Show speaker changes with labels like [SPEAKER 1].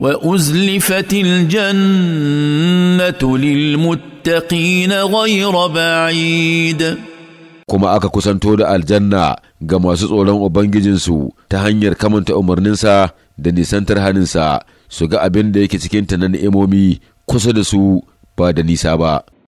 [SPEAKER 1] وازلفت الجنه للمتقين غير بعيد
[SPEAKER 2] kuma aka kusanto da aljanna ga masu tsoron ubangijinsu ta hanyar kamanta umarninsa da nisantar haninsa su ga abin da yake cikinta na ni'imomi kusa da su ba da nisa ba